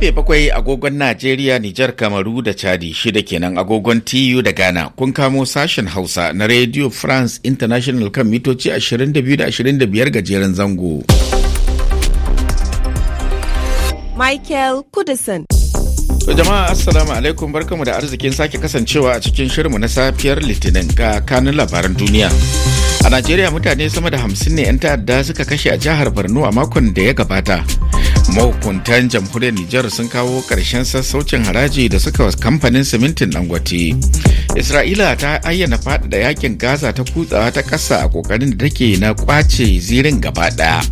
Karfe bakwai agogon Najeriya, Nijar, Kamaru da Chadi shida kenan agogon TU da Ghana. Kun kamo sashen Hausa na Radio France International kan mitoci 22 25 gajeren zango. Michael Kudison. To jama'a assalamu alaikum barkamu da arzikin sake kasancewa a cikin shirinmu na safiyar litinin ga kanun labaran duniya. a najeriya mutane sama da hamsin ne 'yan ta'adda suka kashe a jihar borno a makon da ya gabata mahukuntan jamhuriyar nijar sun kawo ƙarshen sassaucin haraji da suka wasu kamfanin simintin dangote isra'ila ta ayyana faɗaɗa yakin gaza ta kutsawa ta ƙasa a ƙoƙarin da take na ƙwace zirin gaba ɗaya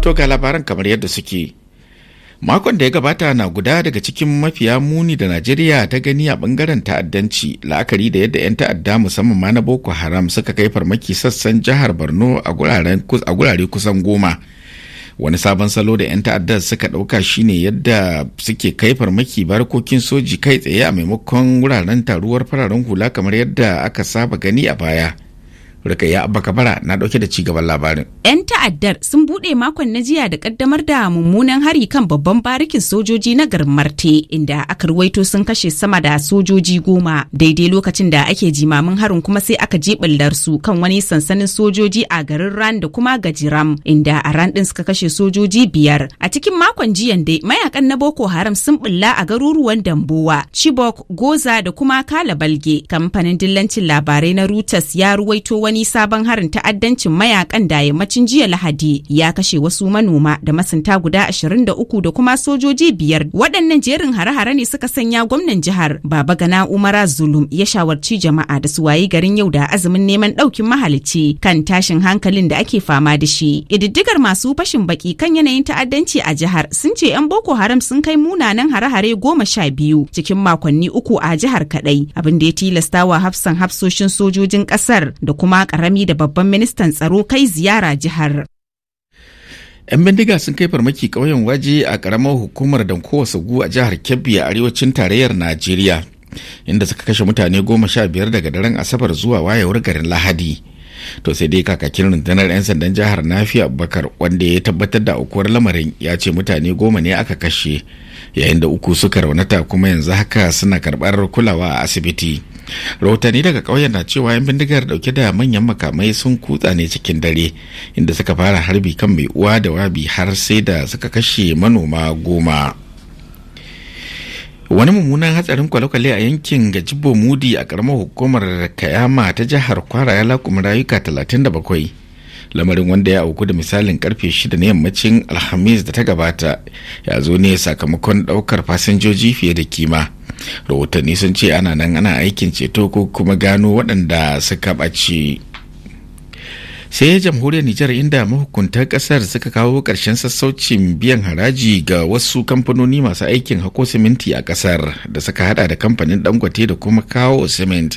to ga labaran kamar yadda suke Makon da ya gabata na guda daga cikin mafiya muni da Najeriya ta gani a bangaren ta'addanci la'akari da yadda 'yan ta'adda musamman ma na Boko Haram suka kai farmaki sassan jihar Borno a gurare kusan goma. Wani sabon salo da 'yan ta'adda suka ɗauka shine yadda suke kai farmaki barkokin soji kai tsaye a maimakon wuraren taruwar fararen hula kamar yadda aka saba gani a baya. ya Abba Kabara na dauke da cigaban labarin. 'Yan ta'addar sun bude makon na jiya da kaddamar da mummunan hari kan babban barikin sojoji na garin Marte inda aka ruwaito sun kashe sama da sojoji goma daidai lokacin da ake jimamin harin kuma sai aka je bullar su kan wani sansanin sojoji a garin Ran da kuma Gajiram inda a Ran din suka kashe sojoji biyar. A cikin makon jiyan dai mayakan na Boko Haram sun bulla a garuruwan Dambowa, Chibok, Goza da kuma kala Kalabalge. Kamfanin dillancin labarai na Reuters ya ruwaito wani wani sabon harin ta'addancin mayakan da yammacin jiya Lahadi ya kashe wasu manoma da masunta guda 23 da kuma sojoji biyar. Waɗannan jerin hare-hare ne suka sanya gwamnan jihar Baba Gana Umara Zulum ya shawarci jama'a da su wayi garin yau da azumin neman ɗaukin mahalicci kan tashin hankalin da ake fama da shi. Ƙididdigar masu fashin baki kan yanayin ta'addanci a jihar sun ce 'yan Boko Haram sun kai munanan hare-hare goma sha biyu cikin makonni uku a jihar kaɗai abin da ya tilasta wa hafsan hafsoshin sojojin ƙasar da kuma karami da babban ministan tsaro kai ziyara jihar. 'yan bindiga sun kai farmaki ƙauyen waje a ƙaramar hukumar dankowa sagu a jihar kebbi a arewacin tarayyar najeriya inda suka kashe mutane goma sha biyar daga daren asabar zuwa wayewar garin lahadi to sai dai kakakin rundunar 'yan sandan jihar nafi abubakar wanda ya tabbatar da ukuwar lamarin ya ce mutane goma ne aka kashe yayin da uku suka raunata kuma yanzu haka suna karɓar kulawa a asibiti rahotanni daga ƙauyen na cewa yan bindigar dauke da manyan makamai sun kutsa ne cikin dare inda suka fara harbi kan mai uwa da wabi har sai da suka kashe manoma goma wani mummunan hatsarin kwale-kwale a yankin gajibo mudi a karamar hukumar kayama ta jihar kwara ya lakumi rayuka 37 lamarin wanda ya auku da misalin karfe 6 na yammacin alhamis da ta gabata ya zo ne sakamakon daukar fasinjoji fiye da kima rahotanni sun ce ana nan ana aikin ceto ko kuma gano waɗanda suka ɓace sai jamhuriyar nijar inda mahukuntar kasar suka kawo ƙarshen sassaucin biyan haraji ga wasu kamfanoni masu aikin hako siminti a kasar da suka hada da kamfanin dangote da kuma kawo siminti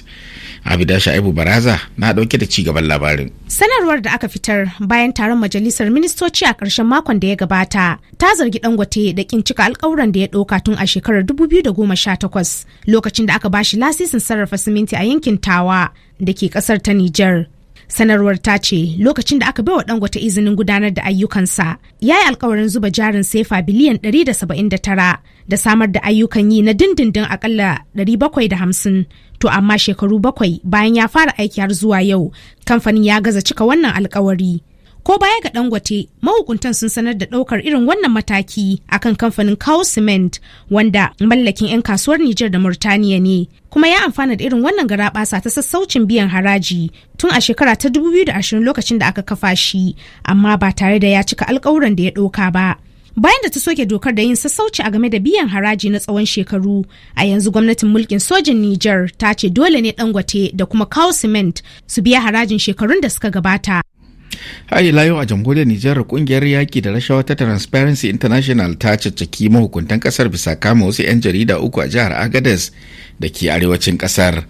Abida Sha'ibu Baraza na ɗauke da cigaban labarin. Sanarwar da aka fitar bayan taron majalisar ministoci a ƙarshen makon da ya gabata ta zargi Dangote da kin cika alƙawuran da ya ɗauka tun a shekarar 2018 lokacin da aka bashi lasisin sarrafa siminti a yankin Tawa da ke ƙasar ta Nijar. Sanarwar ta ce lokacin da aka bai wa Dangote izinin gudanar da ayyukansa ya yi alkawarin zuba jarin sefa biliyan 179 da samar da ayyukan yi na dindindin akalla 750 to amma shekaru bakwai bayan ya fara aiki har zuwa yau kamfanin ya gaza cika wannan alkawari. ko baya ga dangote mahukuntan sun sanar da daukar irin wannan mataki akan kamfanin cow cement wanda mallakin 'yan kasuwar nijar da murtaniya ne kuma ya amfana da irin wannan garabasa ta sassaucin biyan haraji tun a shekara ta 2020 lokacin da aka kafa shi amma ba tare da ya cika alkawuran da ya ɗauka ba bayan da ta soke dokar da yin sassauci a game da biyan haraji na tsawon shekaru a yanzu gwamnatin mulkin sojin Nijar ta ce dole ne dangote da kuma cow cement su biya harajin shekarun da suka gabata har ila yau a jamhuriyar nijar kungiyar yaki da rashawa ta transparency international ta caccaki mahukuntan kasar bisa kama wasu 'yan jarida uku a jihar agadez da ke arewacin kasar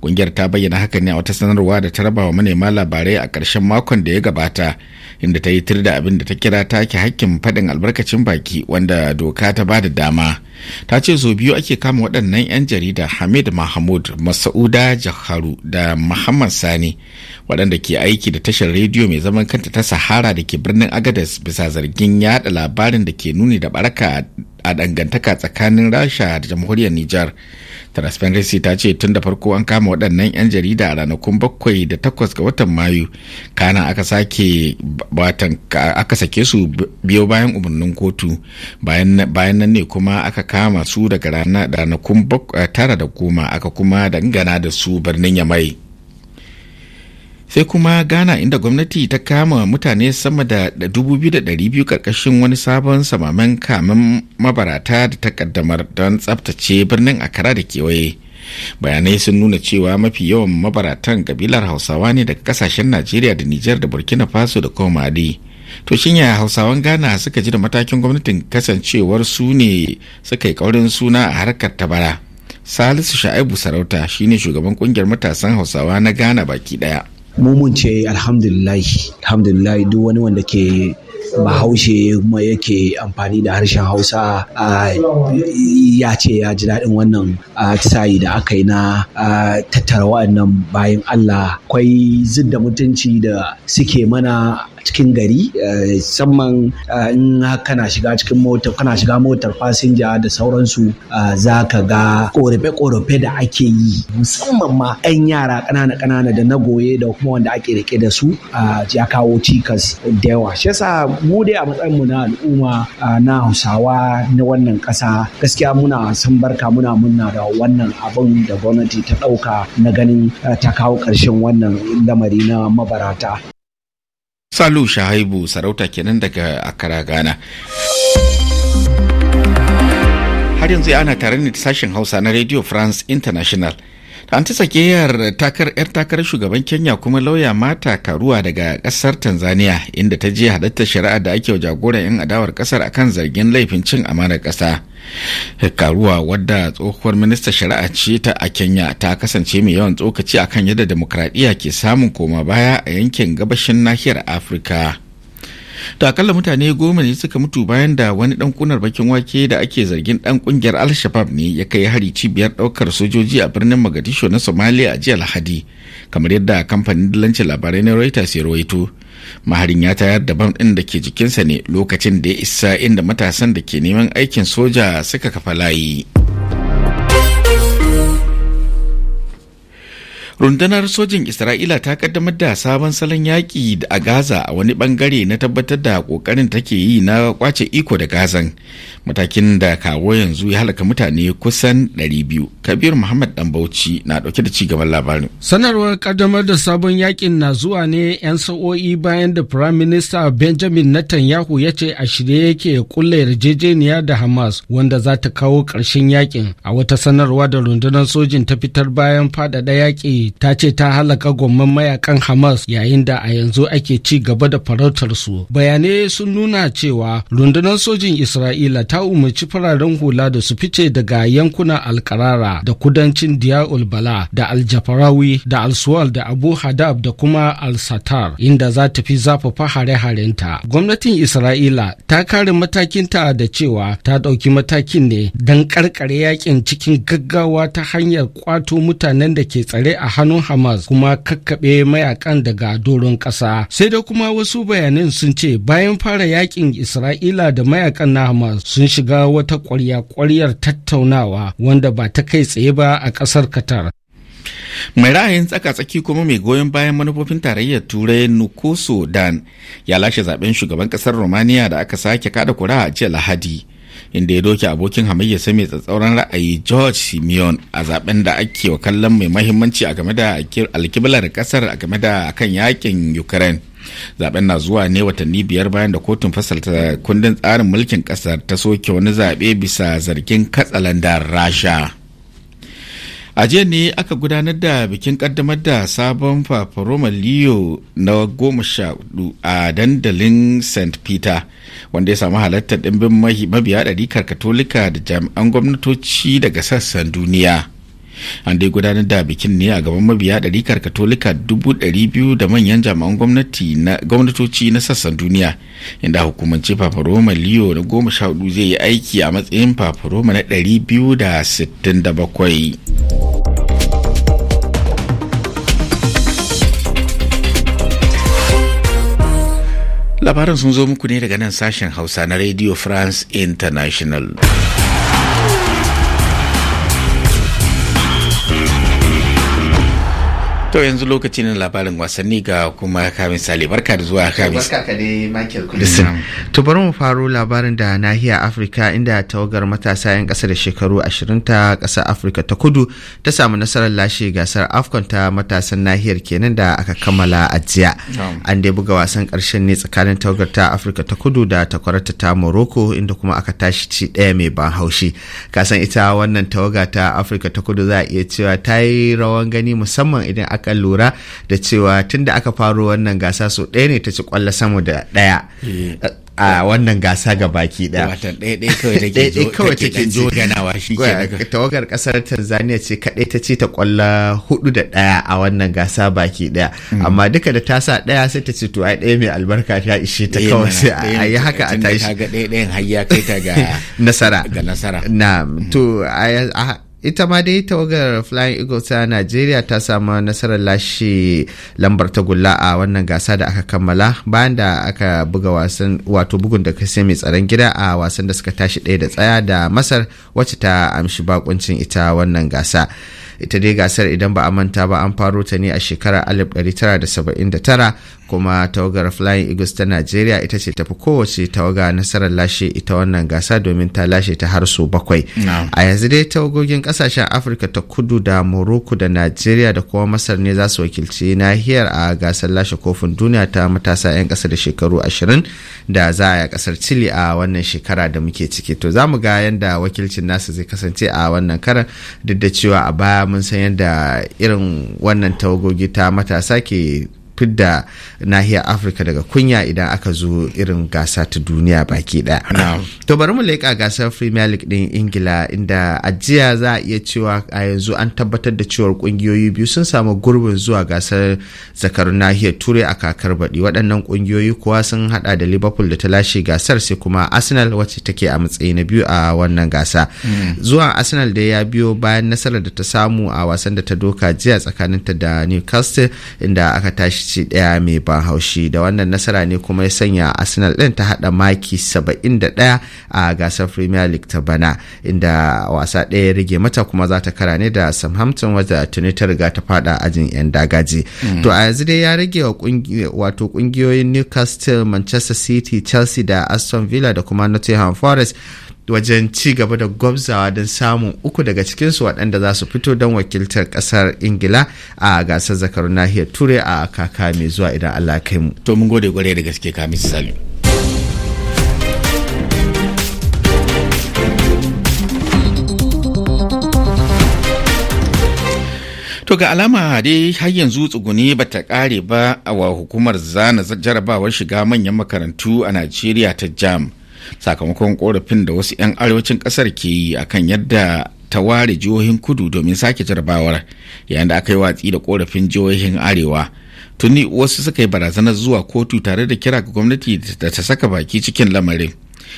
Ƙungiyar ta bayyana haka ne a wata sanarwa da ta raba wa manema labarai a ƙarshen makon da ya gabata inda ta yi tir da abin da ta kira take hakkin faɗin albarkacin baki wanda doka ta ba da dama. Ta ce so biyu ake kama waɗannan 'yan jarida Hamid Mahmud, Masauda Jaharu da Muhammad Sani waɗanda ke aiki da tashar rediyo mai zaman kanta ta Sahara da ke birnin agadas bisa zargin yaɗa labarin da ke nuni da baraka a dangantaka tsakanin rasha da jamhuriyar Nijar transparency ta ce tun da farko an kama waɗannan 'yan jarida a ranakun bakwai da takwas ga watan mayu kana aka sake batan aka sake su biyo bayan umarnin kotu bayan nan ne kuma aka kama su daga ranakun eh, tara da goma aka kuma dangana da su birnin yamai sai kuma ghana inda gwamnati ta kama mutane sama da 2,200 karkashin wani sabon samamen kamun mabarata da ta kaddamar don tsabtace birnin akara da kewaye bayanai sun nuna cewa mafi yawan mabaratan kabilar hausawa ne daga kasashen najeriya da nijar da burkina faso da kuma to shin yaya hausawan ghana suka ji da matakin gwamnatin kasancewar su ne suka yi kaurin suna a harkar tabara salisu sha'ibu sarauta shine shugaban kungiyar matasan hausawa na ghana baki daya mumun ce alhamdulillahi alhamdulillahi duk wani wanda ke bahaushe kuma yake amfani da harshen hausa ya ce ya ji daɗin wannan sayi da aka yi na tattara wa'annan bayan allah akwai zidda mutunci da suke mana cikin gari eh, musamman eh, in kana shiga cikin mota kana shiga motar fasinja da sauransu eh, za ka ga korafe-korafe da ake yi musamman ma 'yan yara ƙanana kanana da na goye da kuma wanda ake rike da su ya kawo cikas da yawa shi yasa mu dai a matsayin mu na al'umma na hausawa na wannan ƙasa gaskiya muna san barka muna munna da wannan abin da gwamnati ta ɗauka na ganin ta kawo ƙarshen wannan lamari na mabarata salu shahaibu sarauta kenan daga akara ghana har yanzu ana tare ne sashen hausa na radio france international An ta tsakiyar takar 'yar takarar shugaban Kenya kuma lauya mata karuwa daga kasar Tanzania inda ta je halartar shari'a da ake jagoran 'yan adawar kasar akan zargin laifin cin amanar kasa. Karuwa wadda tsohuwar minista shari'a ce ta a Kenya ta kasance mai yawan tsokaci akan yadda demokradiyya ke samun koma baya a yankin gabashin nahiyar Afirka. da akalla mutane goma ne suka mutu bayan da wani dan kunar bakin wake da ake zargin dan kungiyar al ne ya kai hari cibiyar daukar sojoji a birnin Mogadishu na Somalia a jiya Lahadi kamar yadda kamfanin dillancin labarai na Reuters ya rawaito maharin ya tayar da bam din da ke jikinsa ne lokacin da ya isa inda matasan da ke neman aikin soja suka kafa layi. rundunar sojin isra'ila ta kaddamar da sabon salon yaƙi a gaza a wani bangare na tabbatar da ƙoƙarin take yi na kwace iko da gazan matakin da kawo yanzu ya halaka mutane kusan 200 kabir muhammad dan bauchi na ɗauke da ci gaban labarin sanarwar kaddamar da sabon yaƙin na zuwa ne 'yan sa'o'i bayan da prime minister benjamin netanyahu ya ce a shirye yake kulle yarjejeniya da hamas wanda za ta kawo ƙarshen yakin a wata sanarwa da rundunar sojin ta fitar bayan faɗaɗa yaƙi ta ce ta halaka gwamman mayakan Hamas yayin da a yanzu ake ci gaba da farautar su. Bayanai sun nuna cewa rundunar sojin Isra'ila ta umarci fararen hula da su fice daga yankunan Alkarara da kudancin Diya'ul Bala da Aljafarawi da Alsuwal da Abu Hadab da kuma Al-Satar inda za ta fi zafafa hare-harenta. Gwamnatin Isra'ila ta kare matakinta da cewa ta ɗauki matakin ne don karkare yakin cikin gaggawa ta hanyar kwato mutanen da ke tsare a hannun Hamas kuma kakkaɓe mayakan daga doron ƙasa. Sai da kuma wasu bayanan sun ce bayan fara yakin Isra'ila da mayakan na Hamas sun shiga wata ƙwarya-ƙwaryar tattaunawa wanda ba ta kai tsaye ba a ƙasar Qatar. mai ra'ayin tsaka-tsaki kuma mai goyon bayan manufofin tarayyar turai nukoso dan ya lashe zaben shugaban kasar romania da aka sake kada kura a jiya lahadi inda ya doke abokin hamayya sai mai tsatsauran ra'ayi george simeon a zaben da ake wa kallon mai mahimmanci a game da alkiblar kasar a game da kan yakin ukraine zaben na zuwa ne watanni biyar bayan da kotun fasalta kundin tsarin mulkin kasar ta soke wani zaɓe bisa zargin katsalandar rasha a jiya ne aka gudanar da bikin kaddamar da sabon faforoma leo na goma sha hudu a dandalin st peter wanda ya samu halartar ɗimbin mabiya ɗarikar katolika da jami'an gwamnatoci daga sassan duniya an dai gudanar da bikin ne a gaban mabiya ɗarikar katolika dubu ɗari biyu da manyan jami'an gwamnatoci na sassan duniya inda hukumance fafaroma leo na goma sha hudu zai yi aiki a matsayin fafaroma na ɗari biyu da sittin da bakwai labaran sun zo muku ne daga nan sashen hausa na radio france international to yanzu lokacin labarin wasanni ga kuma kamin sale barka da zuwa kamin barka ka michael to bari mu faro labarin da nahiya Afrika inda tawagar matasa yan kasa da shekaru ashirin ta kasar Afrika ta kudu ta samu nasarar lashe gasar afcon ta matasan nahiyar kenan da aka kammala a jiya an dai buga wasan karshen ne tsakanin tawagar ta Afrika ta kudu da takwarata ta morocco inda kuma aka tashi ci ɗaya mai ban haushi kasan ita wannan tawaga ta Afrika ta kudu za a iya cewa ta yi rawan gani musamman idan aka kan lura da cewa tun da aka faro wannan gasa so ɗaya ne ta ci kwallo sama da ɗaya eh. a wannan gasa ga baki ɗaya. Watan ɗaya kawai take jo ganawa shi ke Tawagar ƙasar Tanzania ce kaɗai ta ce ta ƙwalla hudu da ɗaya a wannan gasa baki ɗaya. Hmm. Amma duka da ta sa ɗaya sai ta ce to ai ɗaya mai albarka ta ishe ta eh, kawai sai a yi haka a tashi. Tun da ga ɗaya ɗayan har ya kai ta ga nasara. Ga nasara. Na hmm. to ita ma dai tawagar flying eagles ta najeriya ta samu nasarar lashe lambar ta gulla a wannan gasa da aka kammala bayan da aka buga wasan wato bugun da kasi mai tsaron gida a wasan da suka tashi ɗaya da tsaya da masar wacce ta amshi bakuncin ita wannan gasa ita dai gasar idan ba a manta ba an faro ta ne a shekarar 1979 kuma tawagar flying eagles ta nigeria ita ce tafi kowace tawaga nasarar lashe ita wannan gasa domin ta lashe ta har su bakwai a yanzu dai tawagogin kasashen afirka ta kudu da morocco da nigeria da kuma masar ne za su wakilci nahiyar a gasar lashe kofin duniya ta matasa 'yan kasa da shekaru 20 da za a yi kasar chile a wannan shekara da muke ciki to za mu ga yadda wakilcin nasu zai kasance a wannan karan duk da cewa a baya mun san yadda irin wannan tawagogi ta matasa ke fidda nahiyar afirka daga kunya idan aka zo irin gasa ta duniya baki daya to bari mu leƙa gasar premier league din ingila inda ajiya za a iya cewa a yanzu an tabbatar da cewar kungiyoyi biyu sun samu gurbin zuwa gasar zakarun nahiyar turai a kakar baɗi waɗannan kungiyoyi kuwa sun hada da liverpool da ta lashe gasar sai kuma arsenal wacce take a matsayi na biyu a wannan gasa mm. Zuwa arsenal da ya biyo bayan nasarar da ta samu a wasan da ta doka jiya tsakaninta da newcastle inda aka tashi ci ɗaya mai ban haushi da wannan nasara ne kuma ya sanya arsenal ɗin ta haɗa maki 71 a gasar premier league ta bana inda wasa ɗaya rage mata kuma za ta kara ne da southampton wadda tuni ta riga ta fada ajin 'yan dagaji mm. to a yanzu dai ya rage wato kungiyoyin newcastle manchester city chelsea da aston villa da kuma nottingham forest wajen ci gaba da gwabzawa don samun uku daga cikinsu waɗanda za su fito don wakiltar ƙasar ingila a gasar zakarun nahiyar turai a kaka mai zuwa idan allah kai mu to mun gode gware da gaske kamis salim To ga alama dai har yanzu tsuguni ba ta kare ba a wa hukumar zana jarabawar shiga manyan makarantu a Najeriya ta jam. sakamakon korafin da wasu 'yan arewacin kasar ke yi akan yadda ta ware jihohin kudu domin sake jarabawar yayin da aka yi watsi da korafin jihohin arewa tuni wasu suka yi barazanar zuwa kotu tare da kira ga gwamnati da ta saka baki cikin lamarin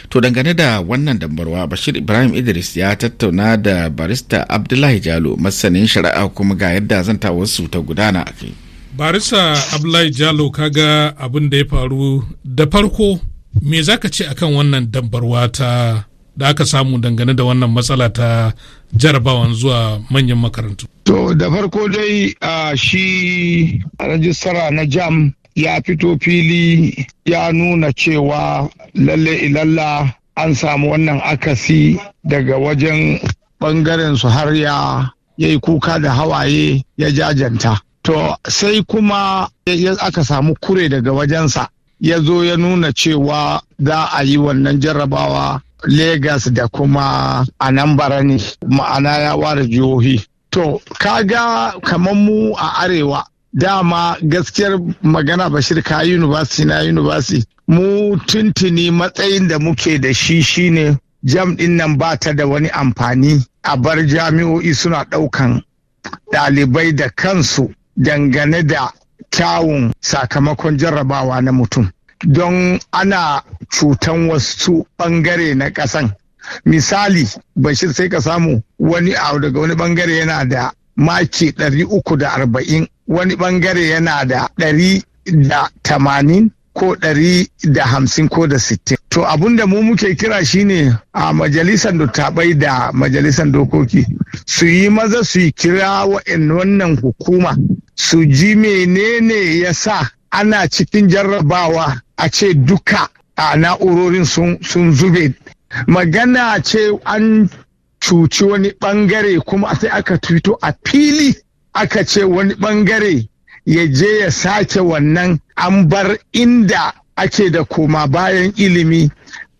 to dangane da wannan dambarwa bashir ibrahim idris ya tattauna da barista abdullahi jalo masanin shari'a kuma ga yadda zan zanta wasu ta gudana a kai barista abdullahi jalo kaga abin da ya faru da farko me za ka ce a kan wannan dambarwa ta da aka samu dangane da wannan matsala ta jarabawan zuwa manyan makarantu to da farko dai a shi rajistara na jam ya fito fili ya nuna cewa lalle ilalla an samu wannan akasi daga wajen bangaren su har ya yi kuka da hawaye ya jajanta to sai kuma aka samu kure daga wajensa ya zo ya nuna cewa za a yi wannan jarrabawa Legas da kuma Anambra ne ma'ana ya ware jihohi. To, kaga kamar mu a arewa dama gaskiyar magana bashir ka university na university mu tuntuni matsayin da muke da shi shine jam din nan ba ta da wani amfani a bar jami'o'i suna ɗaukan ɗalibai da kansu dangane da kyawun sakamakon jarrabawa na mutum. don ana cutan wasu bangare na ƙasan. Misali, Bashir sai ka samu wani abu daga wani bangare yana da maki ɗari uku da arba'in, wani bangare yana da ɗari da tamanin ko ɗari da hamsin ko da sittin. To abun da mu muke kira shine a majalisar dattabai da majalisar dokoki su yi maza su yi kira wa'in wannan hukuma su ji menene ya sa ana cikin jarrabawa a ce duka a na'urorin sun zube magana ce an cuci wani bangare kuma sai aka tuto a fili aka ce wani bangare ya je ya sake wannan an bar inda ake da koma bayan ilimi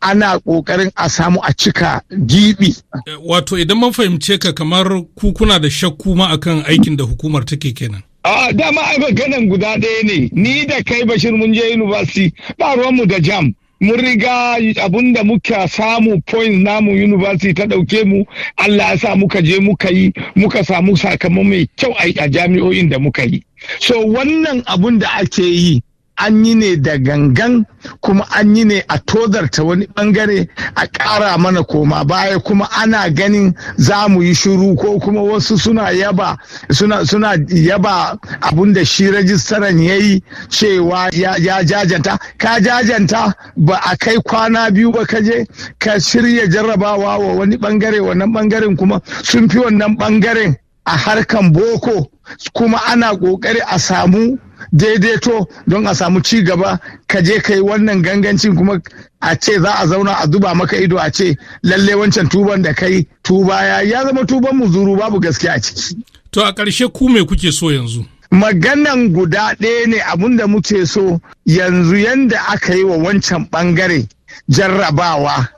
ana ƙoƙarin a samu a cika gibi. Eh, wato idan man fahimce ka kamar kuna da shakku ma akan aikin da hukumar take kenan. A dama ai maganan guda ɗaya ne, ni da kai Bashir mun je university ba mu da jam. Mun riga abun da muka samu points namu university ta ɗauke mu, Allah ya sa muka je muka yi, muka samu sakamako mai kyau a jami'o'in da muka yi. So wannan abun da ake yi an yi ne da gangan kuma an yi ne a tozarta wani bangare a ƙara mana koma baya kuma ana ganin za mu yi shiru ko kuma wasu suna yaba suna suna yaba abun shi rajistaran ya yi cewa ya jajanta ka jajanta ba a kai kwana biyu ba kaje ka shirya jarrabawa wa wani bangare wannan bangaren kuma sun fi wannan bangaren a harkan boko kuma ana kokari a samu daidaito don a samu ci gaba ka je ka wannan gangancin kuma a ce za a zauna a zuba maka ido a ce lalle wancan tuban da kai tuba ya ya zama tuban muzuru babu gaskiya a ciki. To a ƙarshe ku me kuke so yanzu? Maganan guda ɗaya ne abun da muke so yanzu yanda aka yi wa wancan ɓangare jarrabawa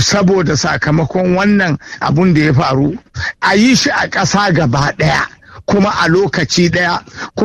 saboda sakamakon wannan abun da ya faru a yi shi a ƙasa gaba ɗaya kuma a lokaci ɗaya.